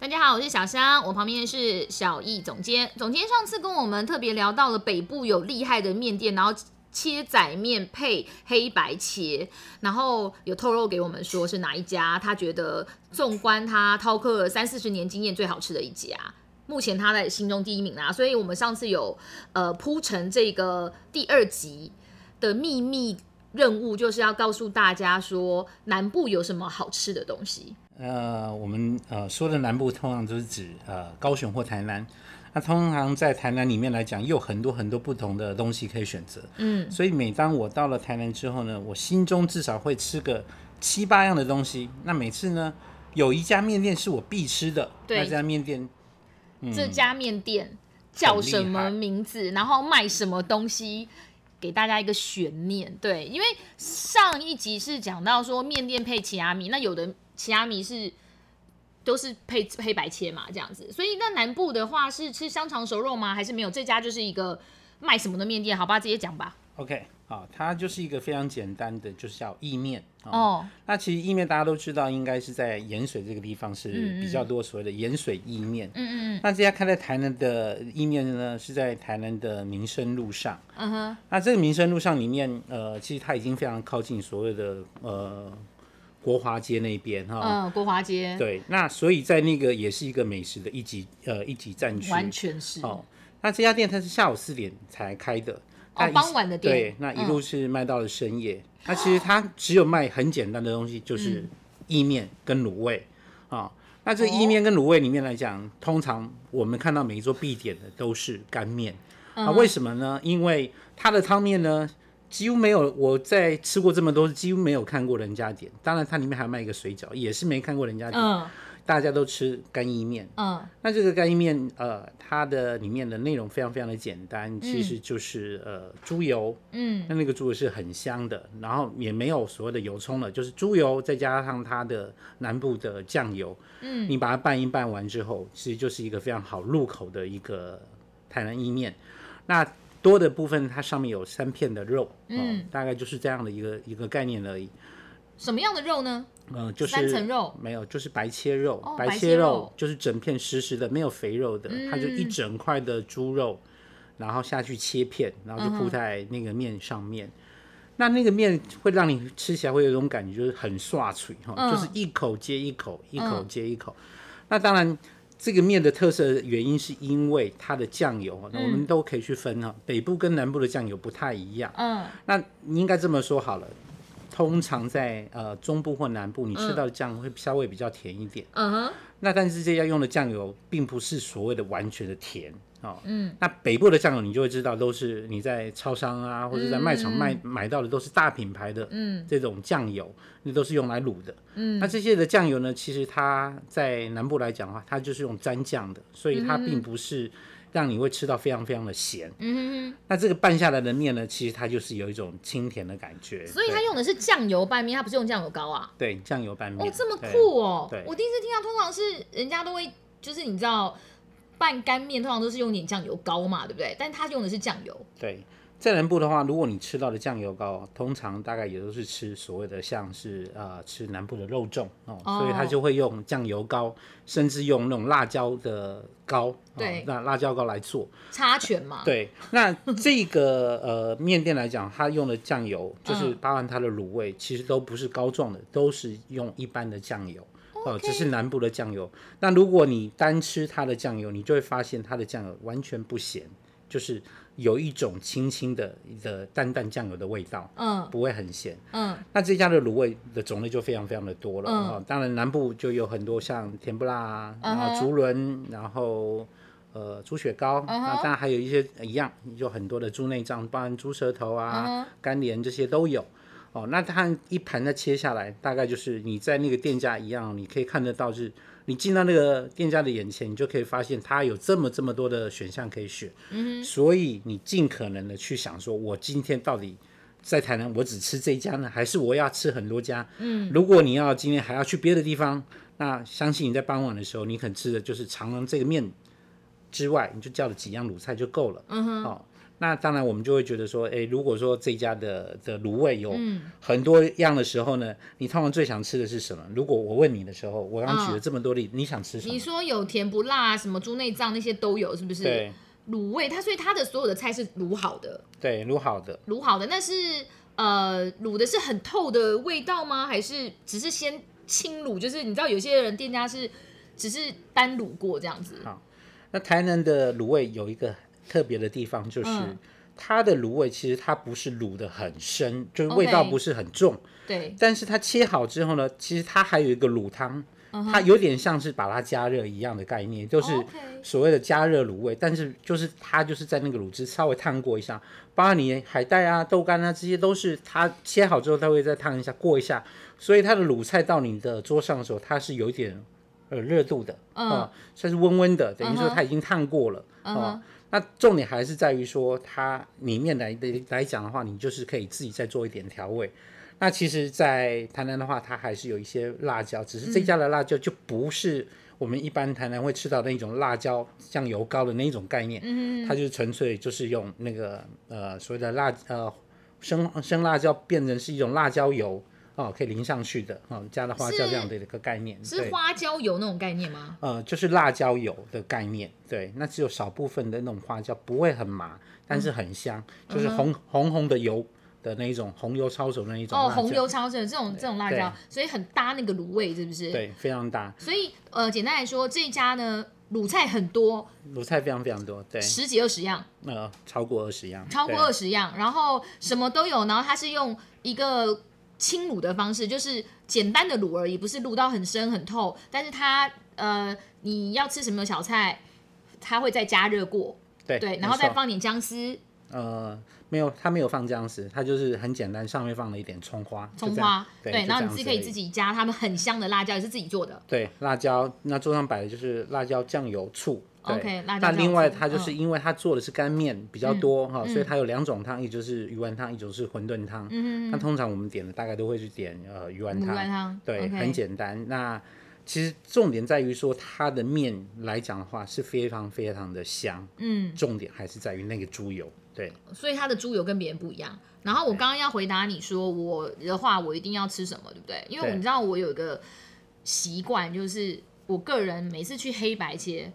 大家好，我是小香，我旁邊是小易總監。總監上次跟我們特別聊到了，北部有厲害的麵店，然後切仔麵配黑白切，然後有透露給我們說是哪一家，他覺得縱觀他饕客三四十年經驗最好吃的一家，目前他在心中第一名啦、啊。所以我們上次有呃鋪陳這個第二集的秘密。任務就是要告訴大家說南部有什麼好吃的東西。呃，我們呃說的南部通常都是指呃高雄或台南。那、啊、通常在台南裡面來講，又有很多很多不同的東西可以選擇。嗯，所以每當我到了台南之後呢，我心中至少會吃個七八樣的東西。那每次呢，有一家麵店是我必吃的。對，那家麵店、嗯，這家麵店叫什麼名字？然後賣什麼東西？給大家一個懸念，對，因為上一集是講到說面店配切仔麵，那有的切仔麵是都是配黑白切嘛，這樣子，所以那南部的話是吃香腸熟肉嗎？還是沒有？這家就是一個賣什麼的麵店？好吧，直接講吧。OK。啊、哦，它就是一個非常簡單的，就是叫意麵。哦，Oh. 那其實意麵大家都知道，應該是在鹽水這個地方是比較多所謂的鹽水意麵。嗯、mm、嗯 -hmm. 那這家開在台南的意麵呢，是在台南的民生路上。嗯哼。那這個民生路上裡面，呃，其實它已經非常靠近所謂的呃國華街那邊哈。嗯、哦，uh, 國華街。對，那所以在那個也是一個美食的一級呃一級戰區，完全是。哦，那這家店它是下午四點才開的。哦、傍晚的店，對，那一路是賣到了深夜、嗯。那其實他只有賣很簡單的東西，就是意面跟滷味、嗯、啊。那這意面跟滷味裡面來講、哦，通常我們看到每一桌必點的都是乾面、嗯、啊？為什麼呢？因為它的湯面呢幾乎沒有，我在吃過這麼多，幾乎沒有看過人家點。當然，它裡面還賣一個水餃，也是沒看過人家點。嗯大家都吃乾意麵，嗯、哦，那這個乾意麵，呃，它的裡面的內容非常非常的簡單，其實就是呃豬油，嗯、呃油，那那個豬油是很香的、嗯，然後也沒有所謂的油蔥了，就是豬油再加上它的南部的醬油，嗯，你把它拌一拌完之後，其實就是一個非常好入口的一個台南意麵。那多的部分它上面有三片的肉，哦、嗯，大概就是這樣的一個一個概念而已。什麼樣的肉呢？嗯，就是三層肉沒有，就是白切肉，Oh, 白切肉就是整片實實的，沒有肥肉的，嗯、它就一整塊的豬肉，然後下去切片，然後就鋪在那個麵上面、嗯。那那個麵會讓你吃起來會有種感覺，就是很涮嘴。哈、嗯，就是一口接一口，一口接一口。嗯、那當然，這個麵的特色的原因是因為它的醬油、嗯，我們都可以去分哈，北部跟南部的醬油不太一樣。嗯，那你應該這麼說好了。通常在呃中部或南部，你吃到的醬會稍微比較甜一點。嗯哼，那但是這些要用的醬油並不是所謂的完全的甜哦。嗯，那北部的醬油你就會知道，都是你在超商啊或者在賣場賣嗯、嗯、買到的都是大品牌的。嗯，這種醬油，那都是用來滷的。嗯，那這些的醬油呢，其實它在南部來講的話，它就是用沾醬的，所以它並不是。讓你會吃到非常非常的鹹，嗯，嗯。那這個拌下來的麵呢，其實它就是有一種清甜的感覺。所以它用的是醬油拌麵，它不是用醬油膏啊？對，醬油拌麵。哦，這麼酷哦，喔！對。我第一次聽到，通常是人家都會就是你知道拌乾麵，通常都是用點醬油膏嘛，對不對？但他用的是醬油。對。在南部的話，如果你吃到的醬油膏，通常大概也都是吃所謂的像是呃吃南部的肉粽哦，哦，所以它就會用醬油膏，甚至用那種辣椒的膏，對、哦，那辣椒膏來做差拳嘛、呃？對，那這個 呃麵店來講，它用的醬油就是包含它的滷味、嗯，其實都不是膏狀的，都是用一般的醬油哦、嗯呃，只是南部的醬油、okay。那如果你單吃它的醬油，你就會發現它的醬油完全不鹹。就是有一種清清的、一個淡淡醬油的味道，嗯，不會很鹹，嗯。那這家的滷味的種類就非常非常的多了，嗯。哦、當然，南部就有很多像甜不辣啊，嗯、然後竹輪，然後呃豬血糕，那、嗯、當然還有一些、嗯、一樣，有很多的豬內臟，當然豬舌頭啊、肝、嗯、連這些都有。哦，那它一盤再切下來，大概就是你在那個店家一樣，你可以看得到，是你進到那個店家的眼前，你就可以發現它有這麼這麼多的選項可以選。嗯哼。所以你盡可能的去想說，說我今天到底在台南，我只吃這一家呢，還是我要吃很多家？嗯、如果你要今天還要去別的地方，那相信你在傍晚的時候，你肯吃的就是長榮這個麵之外，你就叫了幾樣滷菜就夠了。嗯哼那當然，我們就會覺得說，哎、欸，如果說，這一家的的滷味有很多樣的時候呢、嗯，你通常最想吃的是什麼？如果我問你的時候，我剛舉了這麼多例、哦，你想吃什麼？你說有甜不辣、啊，什麼豬內臟那些都有，是不是？滷味，它所以它的所有的菜是滷好的，對，滷好的，滷好的，那是呃滷的是很透的味道嗎？還是只是先輕滷？就是你知道有些人店家是只是單滷過這樣子。好、哦，那台南的滷味有一個。特別的地方就是它的滷味，其實它不是滷得很深，嗯、就是味道不是很重。對、okay，但是它切好之後呢，其實它還有一個滷湯、嗯，它有點像是把它加熱一樣的概念，就是所謂的加熱滷味。但是就是它就是在那個滷汁稍微燙過一下，包括你海帶啊、豆乾啊這些，都是它切好之後它會再燙一下過一下，所以它的滷菜到你的桌上的時候，它是有點。呃，熱度的，啊、uh, 嗯，算是溫溫的，uh -huh, 等於說它已經燙過了，啊、uh -huh. 嗯，那重點還是在於說它裡面來的來講的話，你就是可以自己再做一點調味。那其實，在台南的話，它還是有一些辣椒，只是這一家的辣椒就不是我們一般台南會吃到的那種辣椒醬油膏的那種概念，嗯、uh -huh.，它就是純粹就是用那個呃所謂的辣呃生生辣椒變成是一種辣椒油。哦，可以淋上去的，哦，加了花椒這樣的一個概念是，是花椒油那種概念嗎？呃，就是辣椒油的概念。對，那只有少部分的那種花椒，不會很麻，嗯、但是很香，就是紅、嗯、紅紅的油的那一種紅油抄手那一種。哦，紅油抄手這種這種辣椒，所以很搭那個滷味，是不是？對，非常搭。所以呃，簡單來說，這一家呢，滷菜很多，滷菜非常非常多，對，十幾二十樣，呃，超過二十樣，超過二十樣，然後什麼都有，然後它是用一個。輕滷的方式，就是簡單的滷而已，不是滷到很深很透。但是它呃，你要吃什麼小菜，它會再加熱過，對對，然後再放點薑絲、嗯嗯。呃，沒有，它沒有放薑絲，它就是很簡單，上面放了一點蔥花，蔥花對，對。然後你自己可以自己加，他們很香的辣椒也是自己做的。對，辣椒那桌上擺的就是辣椒、醬油、醋。OK，那另外它就是因為它做的是乾麵比較多哈，嗯哦，所以它有兩種湯，一、嗯、種是魚丸湯，一種是餛飩湯。嗯，那通常我們點的大概都會去點呃魚丸湯。魚丸湯。湯對，okay. 很簡單。那其實重點在於說它的麵來講的話是非常非常的香。嗯。重點還是在於那個豬油。對。所以它的豬油跟別人不一樣。然後我剛剛要回答你說我的話，我一定要吃什麼，對不對？因為你知道我有一個習慣，就是我個人每次去黑白切。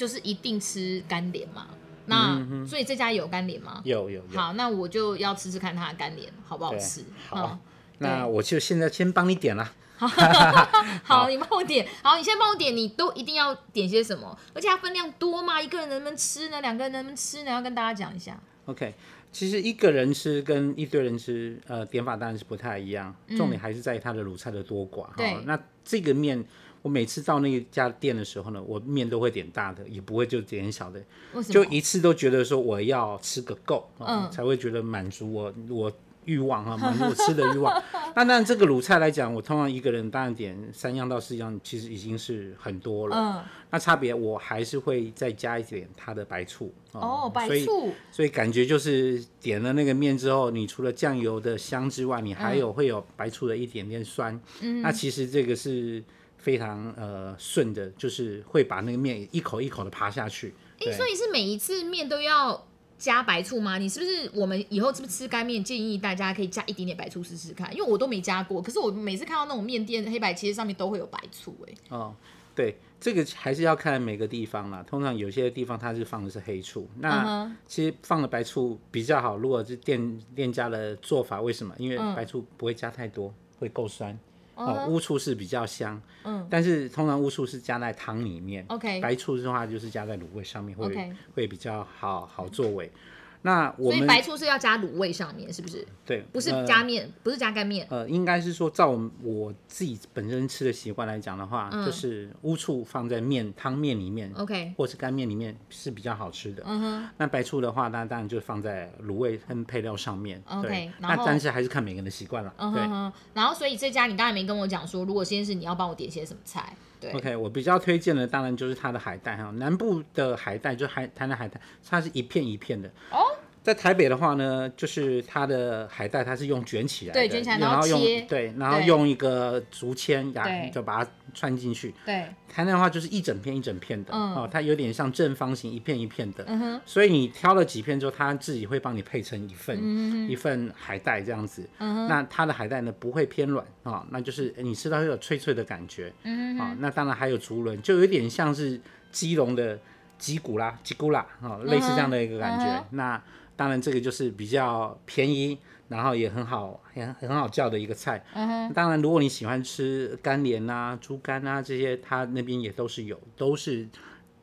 就是一定吃乾麵嘛，那、嗯、所以這家有乾麵嗎？有有有。好，那我就要吃吃看它的乾麵好不好吃。好、嗯，那我就現在先幫你點了。 好， 好，好，你幫我點。好，你先幫我點，你都一定要點些什麼？而且它分量多嗎？一個人能不能吃呢？兩個人能不能吃呢？要跟大家講一下。OK，其實一個人吃跟一堆人吃，呃，點法當然是不太一樣，嗯、重點還是在於它的滷菜的多寡。好，對，那這個麵。我每次到那家店的時候呢，我麵都會點大的，也不會就點小的，就一次都覺得說我要吃個夠，嗯嗯、才會覺得滿足我我慾望啊，滿足我吃的慾望。 那但這個滷菜來講，我通常一個人當然點三樣到四樣，其實已經是很多了。嗯，那差別我還是會再加一點它的白醋、嗯、哦，白醋。所以，所以感覺就是點了那個麵之後，你除了醬油的香之外，你還有會有白醋的一點點酸。嗯，那其實這個是。非常呃順的，就是會把那個麵一口一口的爬下去。欸、所以是每一次麵都要加白醋嗎？你是不是我們以後是不是吃乾麵建議大家可以加一點點白醋試試看？因為我都沒加過，可是我每次看到那種麵店黑白其實上面都會有白醋哎、欸。哦，對，這個還是要看每個地方啦。通常有些地方它是放的是黑醋，那其實放了白醋比較好。如果是店店家的做法，為什麼？因為白醋不會加太多，嗯、會夠酸。哦，烏、哦、醋是比較香，嗯，但是通常烏醋是加在湯裡面、okay. 白醋的話就是加在滷味上面會，會、okay. 會比較好好作為。Okay. 那我們所以白醋是要加滷味上面是不是？對，不是加麵、呃，不是加乾麵。呃，應該是說，照我自己本身吃的習慣來講的話，嗯、就是烏醋，放在麵湯麵裡面，OK，、嗯、或是乾麵裡面是比較好吃的。嗯哼，那白醋的話，那當然就放在滷味跟配料上面，OK、嗯嗯。那但是還是看每個人的習慣了。嗯哼哼，然後所以這家你當然沒跟我講說，如果先是你要幫我點些什麼菜？OK，我比較推薦的當然就是它的海帶哈，南部的海帶就海灘的海帶，它是一片一片的哦。在台北的話呢，就是它的海帶，它是用捲起來的，對，捲起來，然後，然後用對，然後用一個竹籤呀，就把它穿進去對。對，台南的話就是一整片一整片的，嗯、哦，它有點像正方形，一片一片的。嗯、所以你挑了幾片之後，它自己會幫你配成一份、嗯、一份海帶這樣子、嗯。那它的海帶呢不會偏軟啊、哦，那就是、欸、你吃到有脆脆的感覺。啊、嗯哦，那當然還有竹輪，就有點像是基隆的吉古拉啦，吉古拉啦，哦、嗯，類似這樣的一個感覺。嗯、那當然，這個就是比較便宜，然後也很好，很好叫的一個菜。Uh -huh. 當然，如果你喜歡吃肝連啊、豬肝啊這些，它那邊也都是有，都是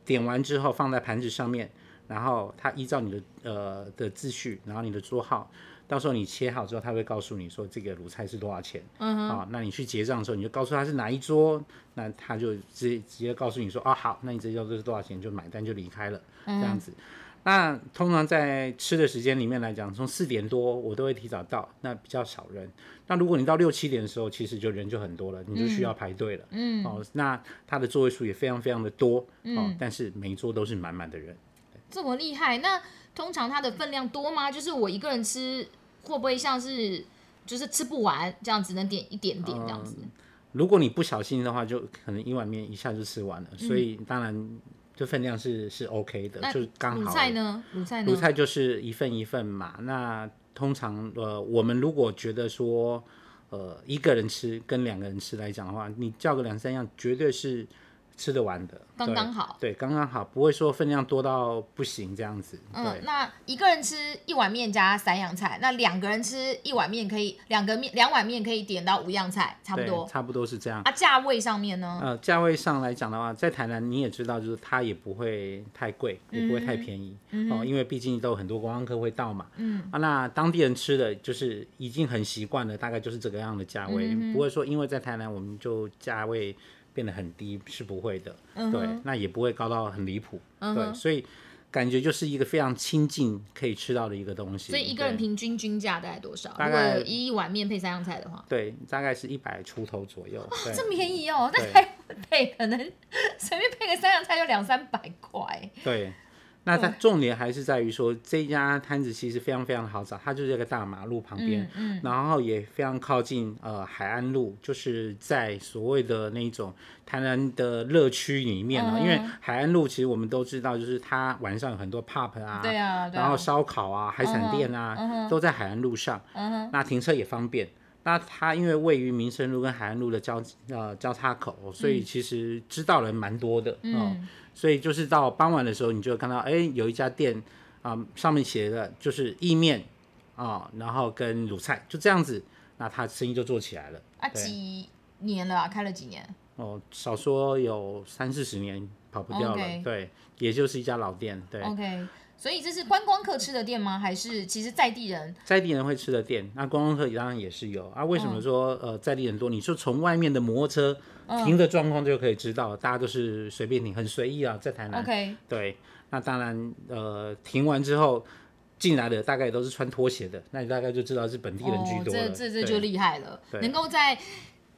點完之後放在盤子上面，然後它依照你的呃的秩序，然後你的桌號，到時候你切好之後，他會告訴你說這個滷菜是多少錢。嗯，好，那你去結賬的時候，你就告訴他是哪一桌，那他就直直接告訴你說啊好，那你這一桌是多少錢，就買單就離開了，這樣子。Uh -huh. 那通常在吃的時間裡面來講，從四點多我都會提早到，那比較少人。那如果你到六七點的時候，其實就人就很多了，嗯、你就需要排隊了。嗯，哦，那它的座位數也非常非常的多，嗯、哦，但是每一桌都是滿滿的人。這麼厲害？那通常它的分量多嗎？就是我一個人吃，會不會像是就是吃不完這樣子，能點一點點這樣子、呃？如果你不小心的話，就可能一碗面一下就吃完了。嗯、所以當然。這份量是是 OK 的，就剛好。滷菜呢？滷菜呢？滷菜就是一份一份嘛。那通常呃，我們如果覺得說呃一個人吃跟兩個人吃來講的話，你叫個兩三樣，絕對是。吃得完的，剛剛好對，對，剛剛好，不會說分量多到不行這樣子對。嗯，那一個人吃一碗麵加三樣菜，那兩個人吃一碗麵可以兩個麵兩碗麵可以點到五樣菜，差不多。差不多是這樣啊。價位上面呢？呃，價位上來講的話，在台南你也知道，就是它也不會太貴，嗯、也不會太便宜、嗯、哦，因為畢竟都有很多觀光客會到嘛。嗯。啊，那當地人吃的就是已經很習慣了，大概就是這個樣的價位，嗯、不會說因為在台南我們就價位。變得很低是不會的，嗯，對，那也不會高到很離譜，嗯，對，所以感覺就是一個非常親近可以吃到的一個東西。所以一個人平均均價大概多少？大概如果一碗麵配三樣菜的話，對，大概是一百出頭左右。哦，這麼便宜哦，但還不配，可能隨便配個三樣菜就兩三百塊。對。那它重點還是在於說，這家攤子其實非常非常好找，它就在一個大馬路旁邊、嗯嗯，然後也非常靠近呃海安路，就是在所謂的那種台南的樂區裡面、嗯、因為海安路其實我們都知道，就是它晚上有很多 pop 啊，對、嗯、啊，然後燒烤啊、嗯、海產店啊、嗯，都在海安路上、嗯嗯。那停車也方便。那它因為位於民生路跟海安路的交呃交叉口，所以其實知道人蠻多的、嗯嗯所以就是到傍晚的時候，你就會看到，哎、欸，有一家店啊、嗯，上面寫的就是意麵啊、嗯，然後跟滷菜就這樣子，那他生意就做起來了啊。幾年了、啊，開了幾年？哦，少說有三四十年，跑不掉了。Okay. 對，也就是一家老店。對。Okay. 所以這是觀光客吃的店嗎？還是其實在地人？在地人會吃的店，那、啊、觀光客當然也是有。啊，為什麼說、嗯、呃在地人多？你說從外面的摩托車停的狀況就可以知道，嗯、大家都是隨便停，很隨意啊，在台南。OK。對，那當然呃停完之後進來的大概也都是穿拖鞋的，那你大概就知道是本地人居多、哦。這這這就厲害了，能夠在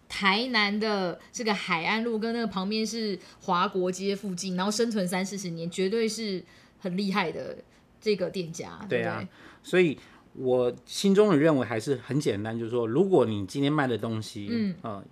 台南的這個海岸路跟那個旁邊是華國街附近，然後生存三四十年，絕對是。很厲害的這個店家，對啊對，所以我心中的認為還是很簡單，就是說，如果你今天賣的東西，嗯、呃、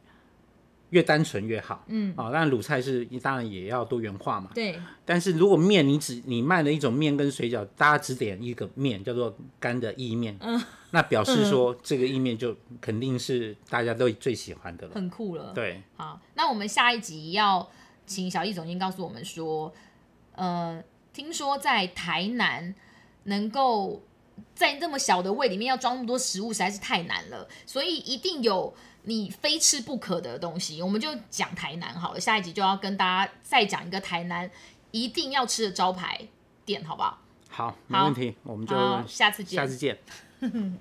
越單純越好，嗯啊、呃，當然滷菜是當然也要多元化嘛，對、嗯，但是如果麵你只你賣的一種麵跟水餃，大家只點一個麵叫做乾的意麵，嗯，那表示說這個意麵就肯定是大家都最喜歡的了，很酷了，對，好，那我們下一集要請小益總監告訴我們說，呃。聽說在台南，能夠在那麼小的胃裡面要裝那麼多食物，實在是太難了。所以一定有你非吃不可的東西。我們就講台南好了，下一集就要跟大家再講一個台南一定要吃的招牌店，好不好？好，好沒問題，我們就下次見，下次見。